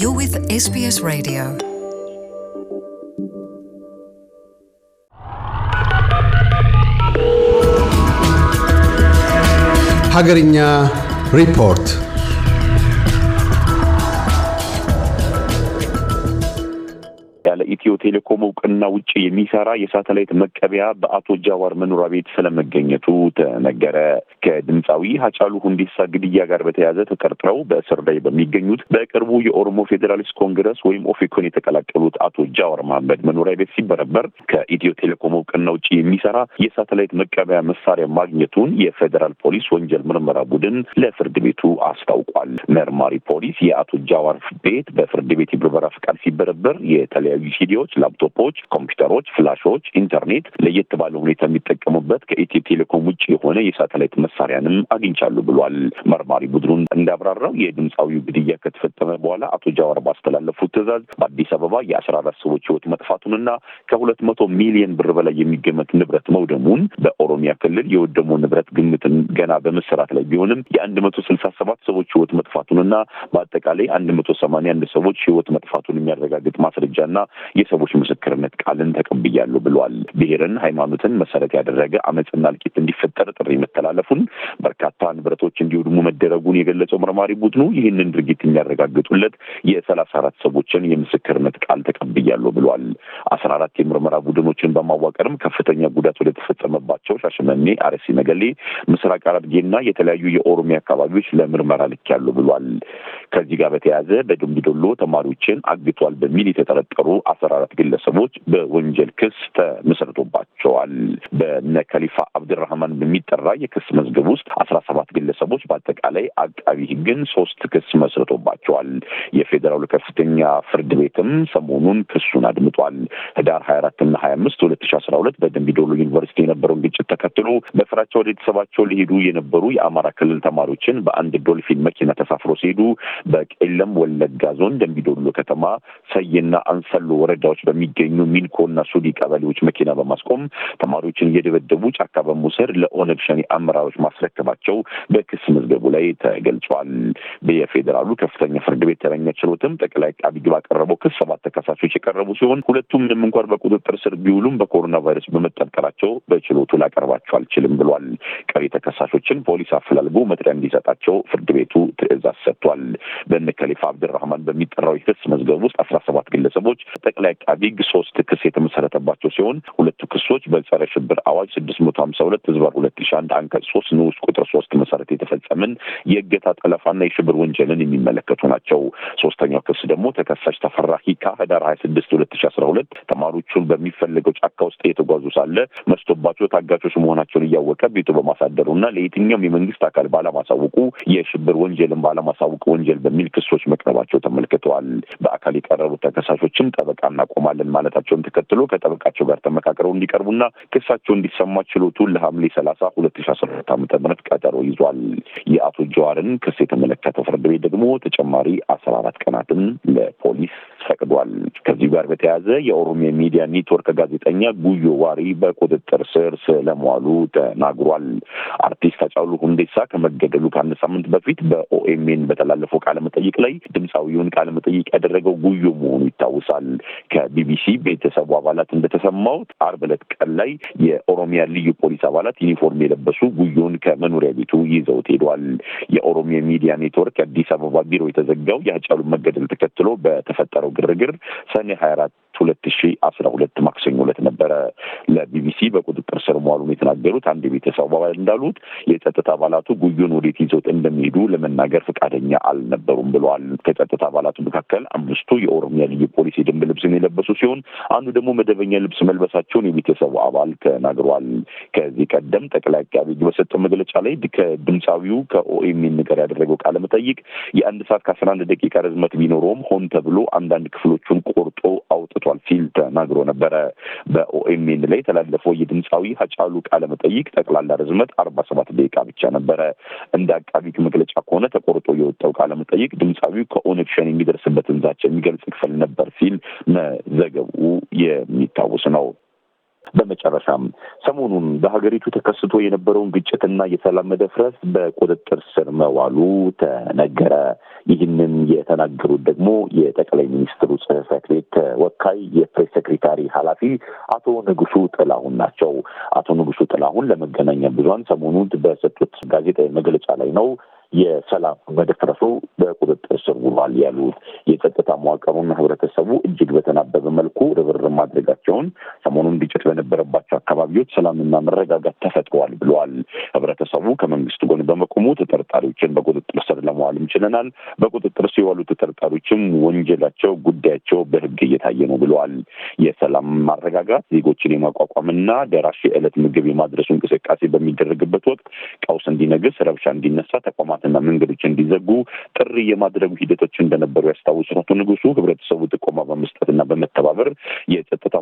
You're with SBS Radio. ሀገርኛ report. ቴሌኮም እውቅና ውጭ የሚሰራ የሳተላይት መቀበያ በአቶ ጃዋር መኖሪያ ቤት ስለመገኘቱ ተነገረ። ከድምፃዊ ሀጫሉ ሁንዴሳ ግድያ ጋር በተያያዘ ተጠርጥረው በእስር ላይ በሚገኙት በቅርቡ የኦሮሞ ፌዴራሊስት ኮንግረስ ወይም ኦፌኮን የተቀላቀሉት አቶ ጃዋር መሀመድ መኖሪያ ቤት ሲበረበር ከኢትዮ ቴሌኮም እውቅና ውጭ የሚሰራ የሳተላይት መቀበያ መሳሪያ ማግኘቱን የፌዴራል ፖሊስ ወንጀል ምርመራ ቡድን ለፍርድ ቤቱ አስታውቋል። መርማሪ ፖሊስ የአቶ ጃዋር ቤት በፍርድ ቤት የብርበራ ፍቃድ ሲበረበር የተለያዩ ሲዲዎች ስልኮች፣ ላፕቶፖች፣ ኮምፒውተሮች፣ ፍላሾች፣ ኢንተርኔት ለየት ባለ ሁኔታ የሚጠቀሙበት ከኢትዮ ቴሌኮም ውጭ የሆነ የሳተላይት መሳሪያንም አግኝቻሉ ብሏል። መርማሪ ቡድኑን እንዳብራራው የድምፃዊው ግድያ ከተፈጸመ በኋላ አቶ ጃዋር ባስተላለፉት ትዕዛዝ በአዲስ አበባ የአስራ አራት ሰዎች ህይወት መጥፋቱንና ከሁለት መቶ ሚሊዮን ብር በላይ የሚገመት ንብረት መውደሙን በኦሮሚያ ክልል የወደሙ ንብረት ግምትን ገና በመሰራት ላይ ቢሆንም የአንድ መቶ ስልሳ ሰባት ሰዎች ህይወት መጥፋቱንና በአጠቃላይ አንድ መቶ ሰማንያ አንድ ሰዎች ህይወት መጥፋቱን የሚያረጋግጥ ማስረጃና የሰ የግለሰቦች ምስክርነት ቃልን ተቀብያለሁ ብሏል። ብሔርን፣ ሃይማኖትን መሰረት ያደረገ አመፅና እልቂት እንዲፈጠር ጥሪ መተላለፉን፣ በርካታ ንብረቶች እንዲወድሙ መደረጉን የገለጸው መርማሪ ቡድኑ ይህንን ድርጊት የሚያረጋግጡለት የሰላሳ አራት ሰዎችን የምስክርነት ቃል ተቀብያለሁ ብሏል። አስራ አራት የምርመራ ቡድኖችን በማዋቀርም ከፍተኛ ጉዳት ወደተፈጸመባቸው ሻሸመኔ፣ አርሲ ነገሌ፣ ምስራቅ ሐረርጌና የተለያዩ የኦሮሚያ አካባቢዎች ለምርመራ ልኬያለሁ ብሏል። ከዚህ ጋር በተያያዘ በደምቢዶሎ ተማሪዎችን አግቷል በሚል የተጠረጠሩ አስራ አራት ግለሰቦች በወንጀል ክስ ተመስርቶባቸዋል። በነ ከሊፋ አብድራህማን በሚጠራ የክስ መዝገብ ውስጥ አስራ ሰባት ግለሰቦች በአጠቃላይ አቃቢ ህግን ሶስት ክስ መስርቶባቸዋል። የፌዴራሉ ከፍተኛ ፍርድ ቤትም ሰሞኑን ክሱን አድምጧል። ህዳር ሀያ አራት እና ሀያ አምስት ሁለት ሺ አስራ ሁለት በደምቢዶሎ ዩኒቨርሲቲ የነበረውን ግጭት ተከትሎ በፍራቻ ወደ ቤተሰባቸው ሊሄዱ የነበሩ የአማራ ክልል ተማሪዎችን በአንድ ዶልፊን መኪና ተሳፍሮ ሲሄዱ በቄለም ወለጋ ዞን ደንቢዶሎ ከተማ ሰይና አንሰሎ ወረዳዎች በሚገኙ እና ሱዲ ቀበሌዎች መኪና በማስቆም ተማሪዎችን እየደበደቡ ጫካ በመውሰድ ለኦነግ ሸኔ አመራሮች ማስረከባቸው በክስ መዝገቡ ላይ ተገልጿል። የፌዴራሉ ከፍተኛ ፍርድ ቤት ተረኛ ችሎትም ጠቅላይ አቃቢ ባቀረበው ክስ ሰባት ተከሳሾች የቀረቡ ሲሆን ሁለቱም ምንም እንኳን በቁጥጥር ስር ቢውሉም በኮሮና ቫይረስ በመጠርጠራቸው በችሎቱ ላቀርባቸው አልችልም ብሏል። ቀሪ ተከሳሾችን ፖሊስ አፈላልጎ መጥሪያ እንዲሰጣቸው ፍርድ ቤቱ ትዕዛዝ ሰጥቷል። በነ ከሊፋ አብድራህማን በሚጠራው የክስ መዝገብ ውስጥ አስራ ሰባት ግለሰቦች ጠቅላይ አቃቢ ሶስት ክስ የተመሰረተባቸው ሲሆን ሁለቱ ክሶች በጸረ ሽብር አዋጅ ስድስት መቶ ሀምሳ ሁለት ህዝባር ሁለት ሺ አንድ አንቀጽ ሶስት ንዑስ ቁጥር ሶስት መሰረት የተፈጸምን የእገታ ጠለፋና የሽብር ወንጀልን የሚመለከቱ ናቸው። ሶስተኛው ክስ ደግሞ ተከሳሽ ተፈራ ሂካ ህዳር ሀያ ስድስት ሁለት ሺ አስራ ሁለት ተማሪዎቹን በሚፈለገው ጫካ ውስጥ የተጓዙ ሳለ መስቶባቸው ታጋቾች መሆናቸውን እያወቀ ቤቱ በማሳደሩና ለየትኛውም የመንግስት አካል ባለማሳወቁ የሽብር ወንጀልን ባለማሳወቅ ወንጀል ወንጀል በሚል ክሶች መቅረባቸው ተመልክተዋል። በአካል የቀረቡ ተከሳሾችም ጠበቃ እናቆማለን ማለታቸውን ተከትሎ ከጠበቃቸው ጋር ተመካክረው እንዲቀርቡና ክሳቸው እንዲሰማ ችሎቱ ለሐምሌ ሰላሳ ሁለት ሺ አስራ ሁለት ዓመተ ምህረት ቀጠሮ ይዟል። የአቶ ጀዋርን ክስ የተመለከተው ፍርድ ቤት ደግሞ ተጨማሪ አስራ አራት ቀናትን ለፖሊስ ፈቅዷል። ከዚህ ጋር በተያያዘ የኦሮሚያ ሚዲያ ኔትወርክ ጋዜጠኛ ጉዮ ዋሪ በቁጥጥር ስር ስለመዋሉ ተናግሯል። አርቲስት ሃጫሉ ሁንዴሳ ከመገደሉ ከአንድ ሳምንት በፊት በኦኤምኤን በተላለፈው ቃለ መጠይቅ ላይ ድምፃዊውን ቃለ መጠይቅ ያደረገው ጉዮ መሆኑ ይታወሳል። ከቢቢሲ ቤተሰቡ አባላት እንደተሰማው አርብ ዕለት ቀን ላይ የኦሮሚያ ልዩ ፖሊስ አባላት ዩኒፎርም የለበሱ ጉዮን ከመኖሪያ ቤቱ ይዘውት ሄዷል። የኦሮሚያ ሚዲያ ኔትወርክ አዲስ አበባ ቢሮ የተዘጋው የአጫሉ መገደል ተከትሎ በተፈጠረው ግርግር ሰኔ ሀያ አራት ሁለት ሺ አስራ ሁለት ማክሰኞ ዕለት ነበረ ለቢቢሲ በቁጥጥር ስር መዋሉን የተናገሩት። አንድ የቤተሰብ አባል እንዳሉት የጸጥታ አባላቱ ጉዩን ወዴት ይዘውት እንደሚሄዱ ለመናገር ፈቃደኛ አልነበሩም ብለዋል። ከጸጥታ አባላቱ መካከል አምስቱ የኦሮሚያ ልዩ ፖሊስ የደንብ ልብስን የለበሱ ሲሆን አንዱ ደግሞ መደበኛ ልብስ መልበሳቸውን የቤተሰቡ አባል ተናግሯል። ከዚህ ቀደም ጠቅላይ አቃቢ ሕግ በሰጠው መግለጫ ላይ ከድምፃዊው ከኦኤምኤን ጋር ያደረገው ቃለ መጠይቅ የአንድ ሰዓት ከአስራ አንድ ደቂቃ ርዝመት ቢኖረውም ሆን ተብሎ አንዳንድ ክፍሎቹን ቆርጦ አውጥቶ ተሰምቷል ሲል ተናግሮ ነበረ። በኦኤምኤን ላይ የተላለፈው የድምፃዊ ሀጫሉ ቃለ መጠይቅ ጠቅላላ ርዝመት አርባ ሰባት ደቂቃ ብቻ ነበረ። እንደ አቃቢ መግለጫ ከሆነ ተቆርጦ የወጣው ቃለ መጠይቅ ድምፃዊው ከኦነግ ሸኔ የሚደርስበትን ዛቻ የሚገልጽ ክፍል ነበር ሲል መዘገቡ የሚታወስ ነው። በመጨረሻም ሰሞኑን በሀገሪቱ ተከስቶ የነበረውን ግጭትና የሰላም መደፍረስ በቁጥጥር ስር መዋሉ ተነገረ። ይህንን የተናገሩት ደግሞ የጠቅላይ ሚኒስትሩ ጽህፈት ቤት ተወካይ የፕሬስ ሴክሬታሪ ኃላፊ አቶ ንጉሱ ጥላሁን ናቸው። አቶ ንጉሱ ጥላሁን ለመገናኛ ብዙኃን ሰሞኑን በሰጡት ጋዜጣዊ መግለጫ ላይ ነው የሰላም መደፍረሱ በቁጥጥር ስር ውሏል ያሉት የጸጥታ መዋቅሩና ህብረተሰቡ እጅግ በተናበበ መልኩ ርብርብ ማድረጋቸውን ሰሞኑን ግጭት በነበረባቸው አካባቢዎች ሰላምና መረጋጋት ተፈጥሯል ብለዋል። ህብረተሰቡ ከመንግስት ጎን በመቆሙ ተጠርጣሪዎችን በቁጥጥር ስር ለመዋልም ችለናል። በቁጥጥር ሲዋሉ ተጠርጣሪዎችም ወንጀላቸው፣ ጉዳያቸው በህግ እየታየ ነው ብለዋል። የሰላም ማረጋጋት ዜጎችን የማቋቋምና ደራሽ የዕለት ምግብ የማድረሱ እንቅስቃሴ በሚደረግበት ወቅት ቀውስ እንዲነግስ፣ ረብሻ እንዲነሳ፣ ተቋማትና መንገዶች እንዲዘጉ ጥሪ የማድረጉ ሂደቶች እንደነበሩ ያስታውሱ ንጉሱ ህብረተሰቡ ጥቆማ በመስጠትና በመተባበር የጸጥታ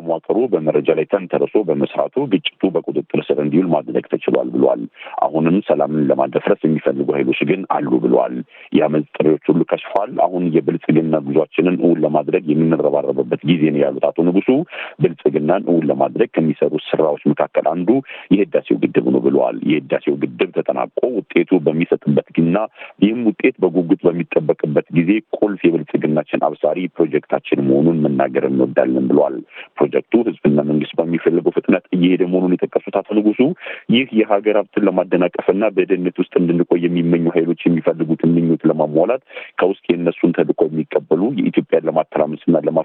በመረጃ ላይ ተንተርሶ በመስራቱ ግጭቱ በቁጥጥር ስር እንዲውል ማድረግ ተችሏል ብሏል። አሁንም ሰላምን ለማደፍረስ የሚፈልጉ ኃይሎች ግን አሉ ብለዋል። የአመፅ ጥሪዎች ሁሉ ከሽፏል። አሁን የብልጽግና ጉዟችንን እውን ለማድረግ የምንረባረበበት ጊዜ ነው ያሉት አቶ ንጉሱ ብልጽግናን እውን ለማድረግ ከሚሰሩ ስራዎች መካከል አንዱ የህዳሴው ግድብ ነው ብለዋል። የህዳሴው ግድብ ተጠናቆ ውጤቱ በሚሰጥበት እና ይህም ውጤት በጉጉት በሚጠበቅበት ጊዜ ቁልፍ የብልጽግናችን አብሳሪ ፕሮጀክታችን መሆኑን መናገር እንወዳለን ብለዋል። ፕሮጀክቱ ህዝብና መንግስት በሚፈልገው ፍጥነት እየሄደ መሆኑን የጠቀሱት አቶ ንጉሱ ይህ የሀገር ሀብትን ለማደ እንድንደናቀፍና በደህንነት ውስጥ እንድንቆይ የሚመኙ ኃይሎች የሚፈልጉትን ምኞት ለማሟላት ከውስጥ የእነሱን ተልዕኮ የሚቀበሉ የኢትዮጵያን ለማተራመስና ለማ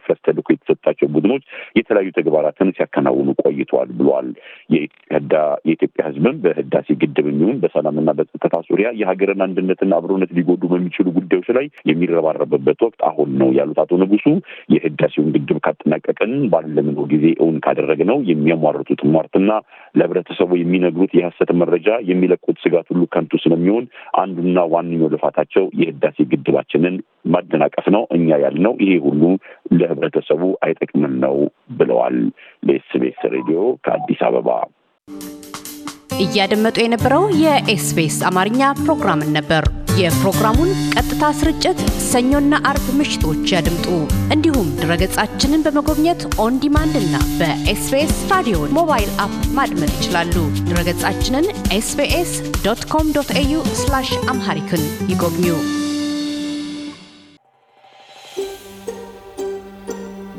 የተሰጣቸው ቡድኖች የተለያዩ ተግባራትን ሲያከናውኑ ቆይተዋል ብለዋል። የኢትዮጵያ ሕዝብም በህዳሴ ግድብ የሚሆን በሰላምና በጸጥታ ዙሪያ የሀገርን አንድነትና አብሮነት ሊጎዱ በሚችሉ ጉዳዮች ላይ የሚረባረብበት ወቅት አሁን ነው ያሉት አቶ ንጉሱ የህዳሴውን ግድብ ካጠናቀቅን ባለምነው ጊዜ እውን ካደረግ ነው የሚያሟርቱት ሟርትና ለህብረተሰቡ የሚነግሩት የሀሰት መረጃ የሚለቁት ስጋት ሁሉ ከንቱ ስለሚሆን አንዱና ዋነኛው ልፋታቸው የህዳሴ ግድባችንን ማደናቀፍ ነው። እኛ ያልነው ይሄ ሁሉ ለህብረተሰቡ አይጠቅምም ነው ብለዋል። ለኤስቤስ ሬዲዮ ከአዲስ አበባ እያደመጡ የነበረው የኤስቢኤስ አማርኛ ፕሮግራምን ነበር። የፕሮግራሙን ቀጥታ ስርጭት ሰኞና አርብ ምሽቶች ያድምጡ። እንዲሁም ድረገጻችንን በመጎብኘት ኦን ዲማንድ እና በኤስቤስ ራዲዮ ሞባይል አፕ ማድመጥ ይችላሉ። ድረገጻችንን ኤስቤስ ዶት ኮም ዶት ኤዩ አምሃሪክን ይጎብኙ።